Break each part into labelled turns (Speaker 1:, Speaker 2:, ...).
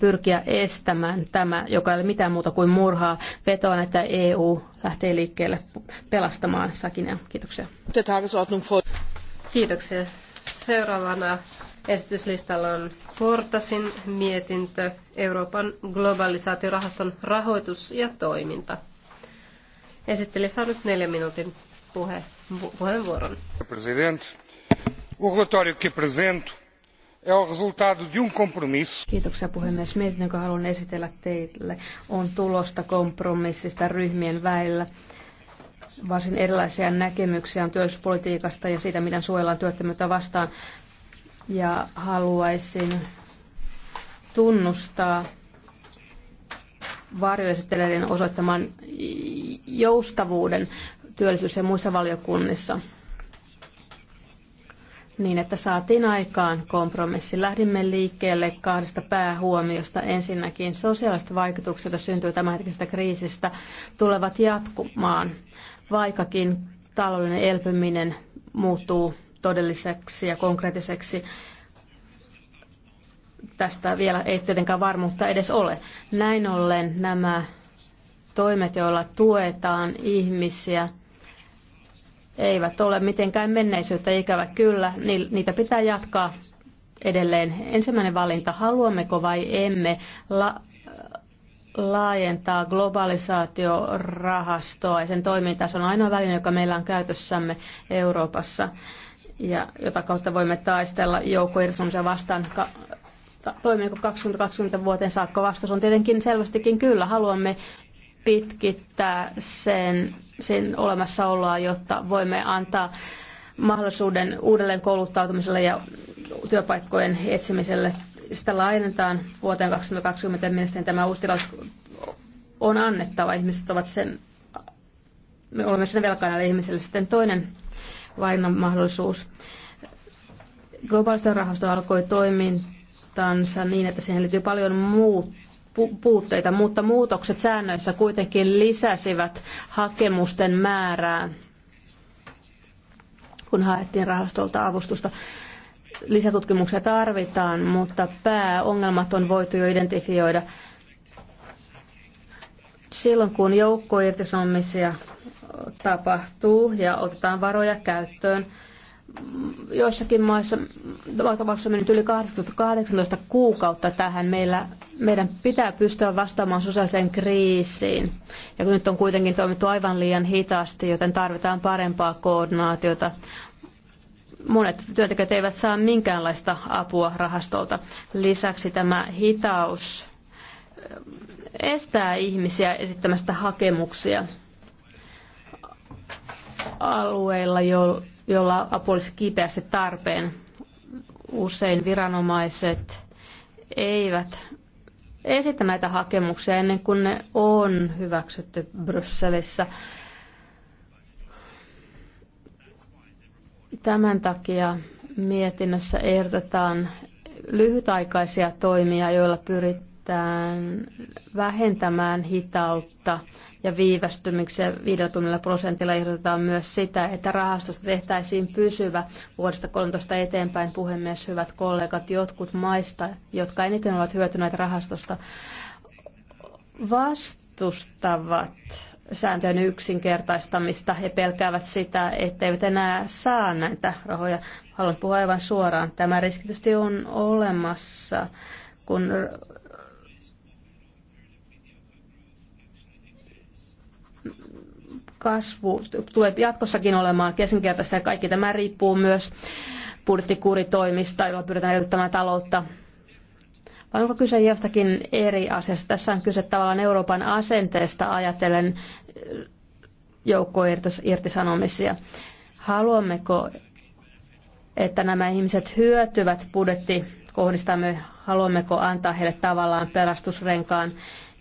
Speaker 1: pyrkiä estämään tämä, joka ei ole mitään muuta kuin murhaa. Vetoan, että EU lähtee liikkeelle pelastamaan Sakinia. Kiitoksia.
Speaker 2: Kiitoksia. Seuraavana esityslistalla on Portasin mietintö Euroopan globalisaatiorahaston rahoitus ja toiminta. Esitteli saa nyt neljä minuutin puhe, puheenvuoron.
Speaker 3: President, o que apresento Um
Speaker 2: Kiitoksia puhemies.
Speaker 1: Mietin, jonka haluan esitellä teille, on tulosta kompromissista ryhmien välillä. Varsin erilaisia näkemyksiä on työllisyyspolitiikasta ja siitä, miten suojellaan työttömyyttä vastaan. Ja haluaisin tunnustaa varjoesittelijöiden osoittaman joustavuuden työllisyys- ja muissa valiokunnissa niin, että saatiin aikaan kompromissi. Lähdimme liikkeelle kahdesta päähuomiosta. Ensinnäkin sosiaalista vaikutuksista syntyy tämänhetkisestä kriisistä tulevat jatkumaan, vaikkakin taloudellinen elpyminen muuttuu todelliseksi ja konkreettiseksi tästä vielä ei tietenkään varmuutta edes ole. Näin ollen nämä toimet, joilla tuetaan ihmisiä eivät ole mitenkään menneisyyttä, ikävä kyllä. Niitä pitää jatkaa edelleen. Ensimmäinen valinta, haluammeko vai emme la- laajentaa globalisaatiorahastoa ja sen toimintaa. Se on ainoa väline, joka meillä on käytössämme Euroopassa ja jota kautta voimme taistella joukkoirsanomisia vastaan toimiiko 2020 vuoteen saakka vastaus on tietenkin selvästikin kyllä. Haluamme pitkittää sen, sen olemassaoloa, jotta voimme antaa mahdollisuuden uudelleen kouluttautumiselle ja työpaikkojen etsimiselle. Sitä siis laajennetaan vuoteen 2020 niin tämä uusi tilaus on annettava. Ihmiset ovat sen, me olemme sen velkaa näille ihmisille. Sitten toinen valinnan mahdollisuus. Globaalisten rahasto alkoi toimintansa niin, että siihen liittyy paljon muut puutteita, mutta muutokset säännöissä kuitenkin lisäsivät hakemusten määrää, kun haettiin rahastolta avustusta. Lisätutkimuksia tarvitaan, mutta pääongelmat on voitu jo identifioida. Silloin kun joukkoirtisanomisia tapahtuu ja otetaan varoja käyttöön, joissakin maissa, tapauksessa mennyt yli 18 kuukautta tähän. Meillä meidän pitää pystyä vastaamaan sosiaaliseen kriisiin. Ja kun nyt on kuitenkin toimittu aivan liian hitaasti, joten tarvitaan parempaa koordinaatiota. Monet työntekijät eivät saa minkäänlaista apua rahastolta. Lisäksi tämä hitaus eh, estää ihmisiä esittämästä hakemuksia alueilla, joilla apu olisi kipeästi tarpeen. Usein viranomaiset eivät esitä näitä hakemuksia ennen kuin ne on hyväksytty Brysselissä. Tämän takia mietinnössä ehdotetaan lyhytaikaisia toimia, joilla pyritään pyritään vähentämään hitautta ja viivästymyksiä 50 prosentilla ehdotetaan myös sitä, että rahastosta tehtäisiin pysyvä vuodesta 13 eteenpäin. Puhemies, hyvät kollegat, jotkut maista, jotka eniten ovat hyötyneet rahastosta, vastustavat sääntöjen yksinkertaistamista ja pelkäävät sitä, etteivät enää saa näitä rahoja. Haluan puhua aivan suoraan. Tämä riski tietysti on olemassa, kun kasvu tulee jatkossakin olemaan keskinkertaista ja kaikki tämä riippuu myös budjettikuritoimista, joilla pyritään elvyttämään taloutta. Vai onko kyse jostakin eri asiasta? Tässä on kyse tavallaan Euroopan asenteesta ajatellen joukkoirtisanomisia. Haluammeko, että nämä ihmiset hyötyvät budjettikohdistamme? Haluammeko antaa heille tavallaan pelastusrenkaan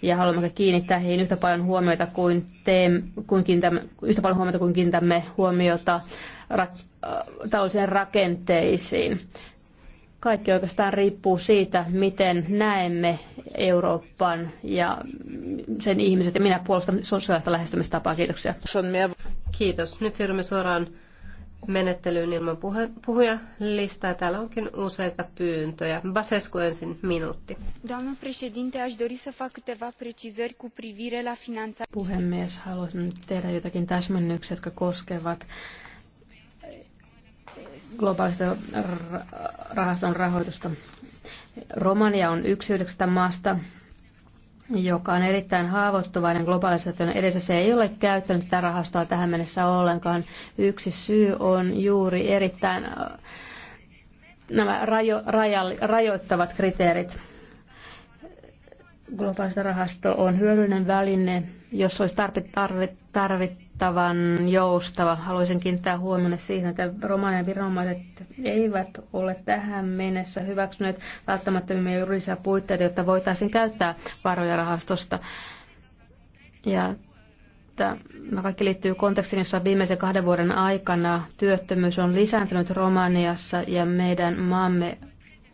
Speaker 1: ja haluamme kiinnittää heihin yhtä paljon huomiota kuin, teem, kuin kiintämme, yhtä paljon huomiota kuin kiinnitämme huomiota rak, äh, rakenteisiin. Kaikki oikeastaan riippuu siitä, miten näemme Euroopan ja sen ihmiset. Ja minä puolustan sosiaalista lähestymistapaa. Kiitoksia.
Speaker 2: Kiitos. Nyt siirrymme suoraan menettelyyn ilman puhe, listaa Täällä onkin useita pyyntöjä. Basescu ensin minuutti. Doamna
Speaker 1: președinte, aș dori să fac câteva precizări cu privire la Puhemies, haluaisin tehdä jotakin täsmennyksiä, jotka koskevat globaalista rahaston rahoitusta. Romania on yksi yhdeksästä maasta, joka on erittäin haavoittuvainen globalisaation edessä. Se ei ole käyttänyt tätä rahastoa tähän mennessä ollenkaan. Yksi syy on juuri erittäin äh, nämä rajo, rajo, rajoittavat kriteerit. Globaalista rahasto on hyödyllinen väline, jos olisi tarvittavan joustava. Haluaisin kiinnittää huomioon siihen, että romanian viranomaiset eivät ole tähän mennessä hyväksyneet välttämättömiä juridisia puitteita, jotta voitaisiin käyttää varoja rahastosta. Ja tämä kaikki liittyy kontekstiin, jossa viimeisen kahden vuoden aikana työttömyys on lisääntynyt Romaniassa ja meidän maamme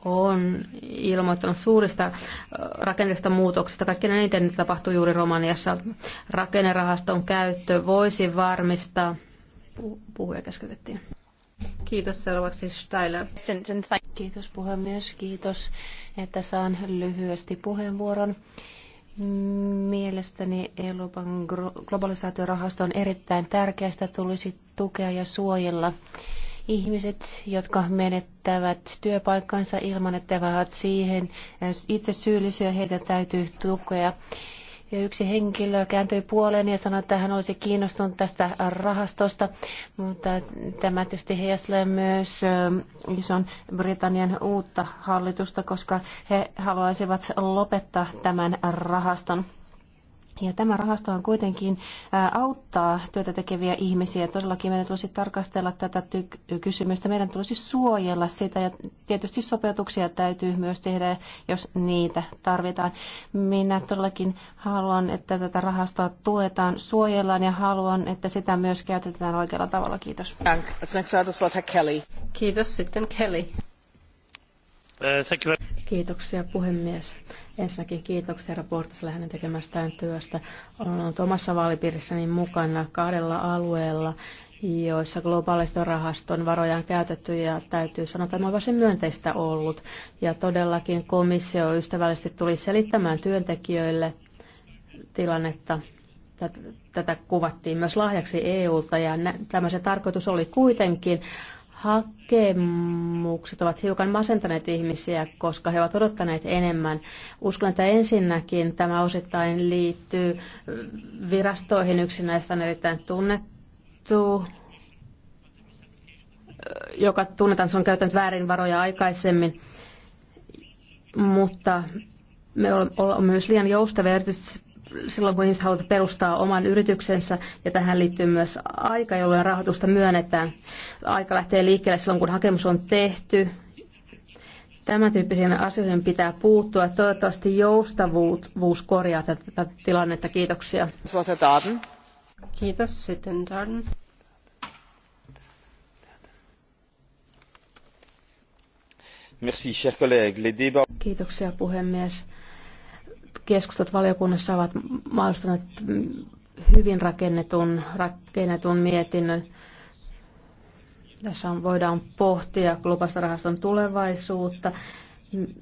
Speaker 1: on ilmoittanut suurista rakenteellisista muutoksista. Kaikki eniten tapahtuu juuri Romaniassa. Rakennerahaston käyttö voisi varmistaa. Puhuja keskeytettiin.
Speaker 3: Kiitos seuraavaksi Steiler. Kiitos puhemies, kiitos, että saan lyhyesti puheenvuoron. Mielestäni Euroopan on erittäin tärkeästä tulisi tukea ja suojella Ihmiset, jotka menettävät työpaikkansa ilman, että ovat siihen itse syyllisiä, heitä täytyy tukea. Ja yksi henkilö kääntyi puoleen ja sanoi, että hän olisi kiinnostunut tästä rahastosta, mutta tämä tietysti heijastelee myös ison Britannian uutta hallitusta, koska he haluaisivat lopettaa tämän rahaston. Ja tämä on kuitenkin auttaa työtä tekeviä ihmisiä. Todellakin meidän tulisi tarkastella tätä kysymystä. Meidän tulisi suojella sitä ja tietysti sopeutuksia täytyy myös tehdä, jos niitä tarvitaan. Minä todellakin haluan, että tätä rahastoa tuetaan, suojellaan ja haluan, että sitä myös käytetään oikealla tavalla. Kiitos. Kiitos sitten Kelly. Uh, thank you. Kiitoksia puhemies. Ensinnäkin
Speaker 1: kiitoksia raportissa hänen tekemästään työstä. Olen ollut omassa vaalipiirissäni mukana kahdella alueella, joissa globaalisten rahaston varoja on käytetty ja täytyy sanoa, että tämä on varsin myönteistä ollut. Ja todellakin komissio ystävällisesti tuli selittämään työntekijöille tilannetta tätä kuvattiin myös lahjaksi EUlta ja tämä se tarkoitus oli kuitenkin hakemukset ovat hiukan masentaneet ihmisiä, koska he ovat odottaneet enemmän. Uskon, että ensinnäkin tämä osittain liittyy virastoihin. Yksi näistä on erittäin tunnettu joka tunnetaan, se on käytänyt väärin varoja aikaisemmin, mutta me olemme myös liian joustavia erityisesti silloin, kun ihmiset haluavat perustaa oman yrityksensä, ja tähän liittyy myös aika, jolloin rahoitusta myönnetään. Aika lähtee liikkeelle silloin, kun hakemus on tehty. Tämän tyyppisiin asioihin pitää puuttua. Toivottavasti joustavuus korjaa tätä tilannetta. Kiitoksia. Kiitos. Sitten Darden. Kiitoksia puhemies Keskustelut valiokunnassa ovat mahdollistaneet hyvin rakennetun, rakennetun mietinnön. Tässä on, voidaan pohtia globaalista tulevaisuutta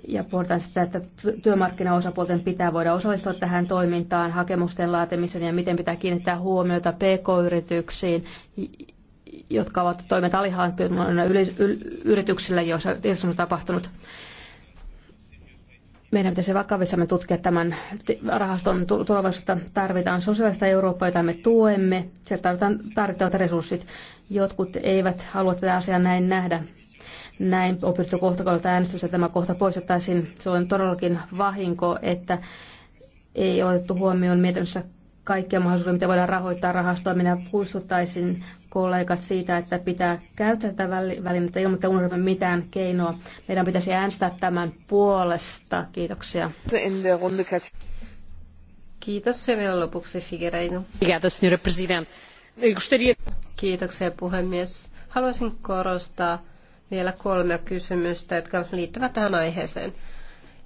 Speaker 1: ja pohditaan sitä, että työmarkkinaosapuolten pitää voida osallistua tähän toimintaan, hakemusten laatimiseen ja miten pitää kiinnittää huomiota pk-yrityksiin, jotka ovat toimet alihankkijoina yrityksillä, joissa on tapahtunut meidän pitäisi vakavissamme tutkia tämän rahaston tulevaisuutta. Tarvitaan sosiaalista Eurooppaa, jota me tuemme. Sieltä tarvitaan tarvittavat resurssit. Jotkut eivät halua tätä asiaa näin nähdä. Näin opittu kohtakohdalta äänestystä tämä kohta poistettaisiin. Se on todellakin vahinko, että ei otettu huomioon mietinnössä kaikkia mahdollisuuksia, mitä voidaan rahoittaa rahastoa. Minä muistuttaisin kollegat siitä, että pitää käyttää tätä välinettä ilman, että unohdamme mitään keinoa. Meidän pitäisi äänestää tämän puolesta. Kiitoksia.
Speaker 2: Kiitos ja vielä lopuksi Figueiredo. Kiitoksia puhemies. Haluaisin korostaa vielä kolmea kysymystä, jotka liittyvät tähän aiheeseen.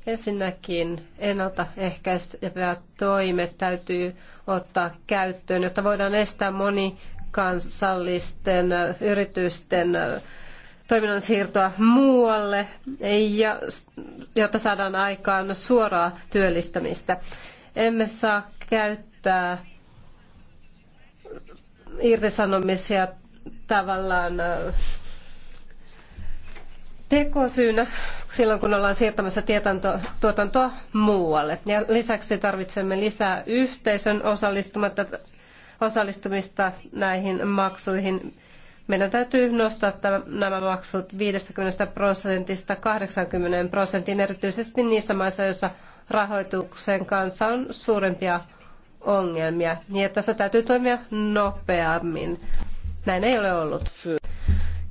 Speaker 2: Ensinnäkin ennaltaehkäisevät toimet täytyy ottaa käyttöön, jotta voidaan estää monikansallisten äh, yritysten äh, toiminnan siirtoa muualle, ja, jotta saadaan aikaan suoraa työllistämistä. Emme saa käyttää irtisanomisia tavallaan äh, tekosyynä silloin, kun ollaan siirtämässä tuotantoa muualle. Ja lisäksi tarvitsemme lisää yhteisön osallistumista näihin maksuihin. Meidän täytyy nostaa nämä maksut 50 prosentista 80 prosenttiin, erityisesti niissä maissa, joissa rahoituksen kanssa on suurempia ongelmia. Niin tässä täytyy toimia nopeammin. Näin ei ole ollut.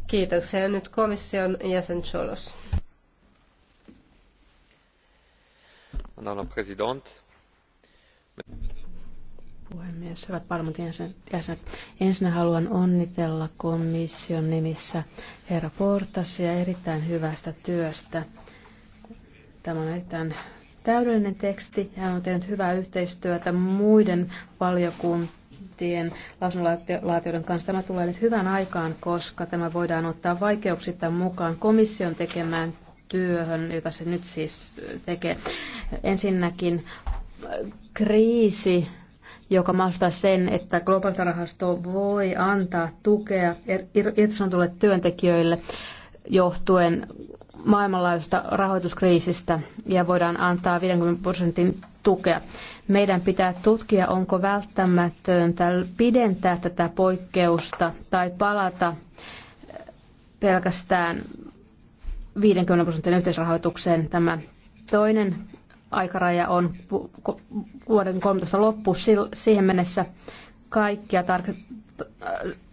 Speaker 2: Kiitoksia. Nyt komission jäsen Cholos. Madame la Présidente. Puhemies, hyvät parlamentin jäsenet.
Speaker 1: Ensin haluan onnitella komission nimissä herra Portasia erittäin hyvästä työstä. Tämä on erittäin täydellinen teksti. Hän on tehnyt hyvää yhteistyötä muiden valiokuntien tien lausunnonlaatijoiden kanssa. Tämä tulee nyt hyvän aikaan, koska tämä voidaan ottaa vaikeuksittain mukaan komission tekemään työhön, jota se nyt siis tekee. Ensinnäkin kriisi, joka mahdollistaa sen, että globaalirahasto voi antaa tukea er, irtisanotulle työntekijöille johtuen maailmanlaajuisesta rahoituskriisistä ja voidaan antaa 50 prosentin tukea. Meidän pitää tutkia, onko välttämätöntä pidentää tätä poikkeusta tai palata pelkästään 50 prosentin yhteisrahoitukseen. Tämä toinen aikaraja on vuoden 13 loppu. Siihen mennessä kaikkia tar-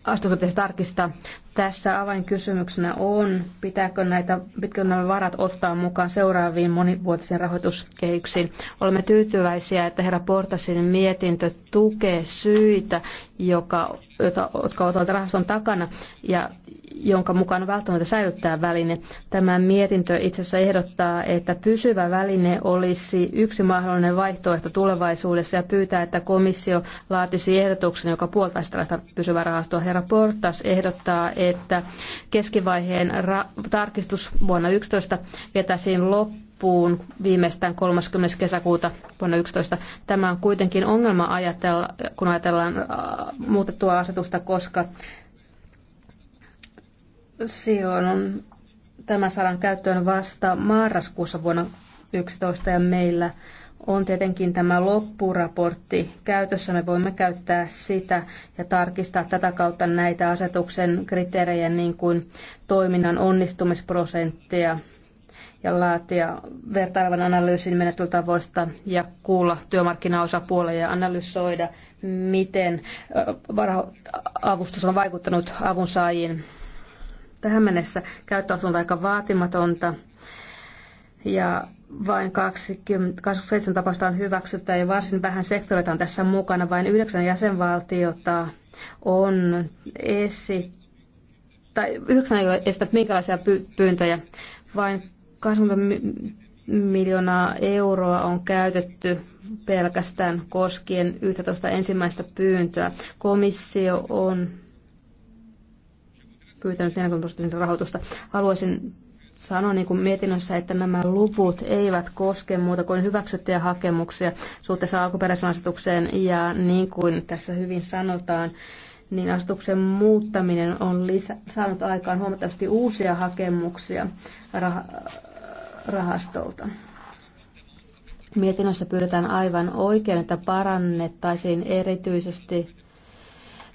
Speaker 1: astutuksesta tarkista Tässä avainkysymyksenä on, pitääkö näitä, pitkälti nämä varat ottaa mukaan seuraaviin monivuotisiin rahoituskehyksiin. Olemme tyytyväisiä, että herra Portasin mietintö tukee syitä, joka, jota, jotka ovat rahaston takana ja jonka mukaan on välttämättä säilyttää väline. Tämä mietintö itse asiassa ehdottaa, että pysyvä väline olisi yksi mahdollinen vaihtoehto tulevaisuudessa ja pyytää, että komissio laatisi ehdotuksen, joka puoltaisi tällaista pysyvää rahastoa. Herra Portas ehdottaa, että keskivaiheen tarkistus vuonna 11 vietäisiin loppuun viimeistään 30. kesäkuuta vuonna 11. Tämä on kuitenkin ongelma, ajatella, kun ajatellaan äh, muutettua asetusta, koska silloin on tämän saadaan käyttöön vasta marraskuussa vuonna 11 ja meillä on tietenkin tämä loppuraportti. Käytössä me voimme käyttää sitä ja tarkistaa tätä kautta näitä asetuksen kriteerejä niin kuin toiminnan onnistumisprosenttia ja laatia vertailevan analyysin menettelytavoista ja kuulla työmarkkinaosapuolia ja analysoida, miten äh, avustus on vaikuttanut avunsaajiin. Tähän mennessä käyttöasunto on aika vaatimatonta ja vain 20, 27 tapausta on hyväksytty ja varsin vähän sektoreita on tässä mukana. Vain yhdeksän jäsenvaltiota on esi tai yhdeksän ei ole esittänyt minkälaisia pyyntöjä. Vain 20 miljoonaa euroa on käytetty pelkästään koskien 11 ensimmäistä pyyntöä. Komissio on pyytänyt 40 prosentin rahoitusta. Haluaisin sanoi niin kuin mietinnössä, että nämä luvut eivät koske muuta kuin hyväksyttyjä hakemuksia suhteessa alkuperäisen asetukseen. Ja niin kuin tässä hyvin sanotaan, niin asetuksen muuttaminen on lisä, saanut aikaan huomattavasti uusia hakemuksia rah, rahastolta. Mietinnössä pyydetään aivan oikein, että parannettaisiin erityisesti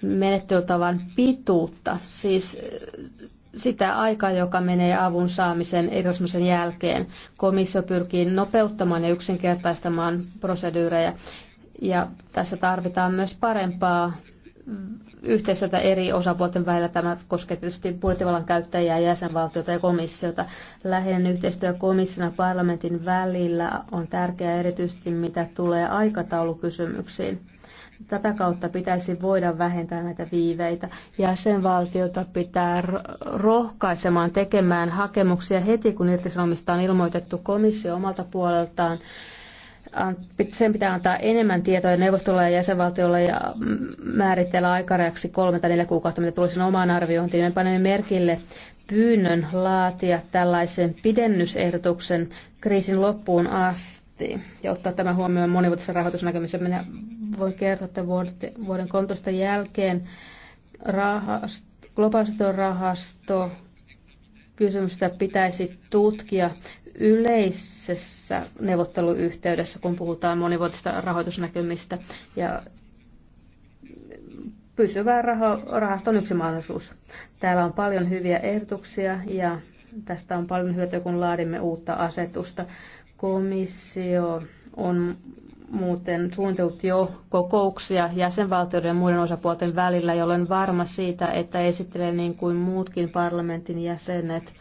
Speaker 1: menettelytavan pituutta. Siis sitä aikaa, joka menee avun saamisen erosmisen jälkeen. Komissio pyrkii nopeuttamaan ja yksinkertaistamaan proseduureja. Ja tässä tarvitaan myös parempaa yhteistyötä eri osapuolten välillä. Tämä koskee tietysti budjettivallan käyttäjiä, jäsenvaltiota ja komissiota. Läheinen yhteistyö komission ja parlamentin välillä on tärkeää erityisesti, mitä tulee aikataulukysymyksiin Tätä kautta pitäisi voida vähentää näitä viiveitä. Jäsenvaltiota pitää rohkaisemaan tekemään hakemuksia heti, kun irtisanomista on ilmoitettu komissio omalta puoleltaan sen pitää antaa enemmän tietoa neuvostolle ja jäsenvaltiolle ja määritellä aikarajaksi kolme tai neljä kuukautta, mitä tulisi omaan arviointiin. Me panemme merkille pyynnön laatia tällaisen pidennysehdotuksen kriisin loppuun asti budjettiin ja ottaa tämä huomioon monivuotisessa rahoitusnäkymissä. Minä voin kertoa, että vuoden kontosta jälkeen rahast, rahasto kysymystä pitäisi tutkia yleisessä neuvotteluyhteydessä, kun puhutaan monivuotisista rahoitusnäkymistä. Ja pysyvä raho, rahasto on yksi mahdollisuus. Täällä on paljon hyviä ehdotuksia ja tästä on paljon hyötyä, kun laadimme uutta asetusta. Komissio on muuten suunnitellut jo kokouksia jäsenvaltioiden ja muiden osapuolten välillä, jolloin varma siitä, että esittelee niin kuin muutkin parlamentin jäsenet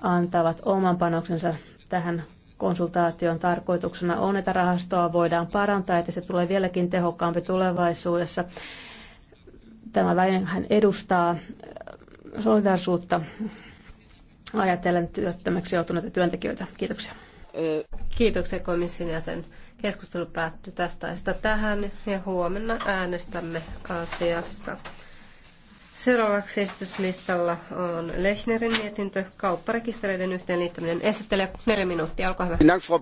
Speaker 1: antavat oman panoksensa tähän konsultaation tarkoituksena on, että rahastoa voidaan parantaa, että se tulee vieläkin tehokkaampi tulevaisuudessa. Tämä välinehän edustaa solidaarisuutta ajatellen työttömäksi joutuneita työntekijöitä. Kiitoksia.
Speaker 2: Kiitoksia komission jäsen. Keskustelu päättyy tästä aiheesta tähän ja huomenna äänestämme asiasta. Seuraavaksi esityslistalla on Lechnerin mietintö kaupparekistereiden yhteenliittäminen. Esittelijä neljä minuuttia, olkaa hyvä.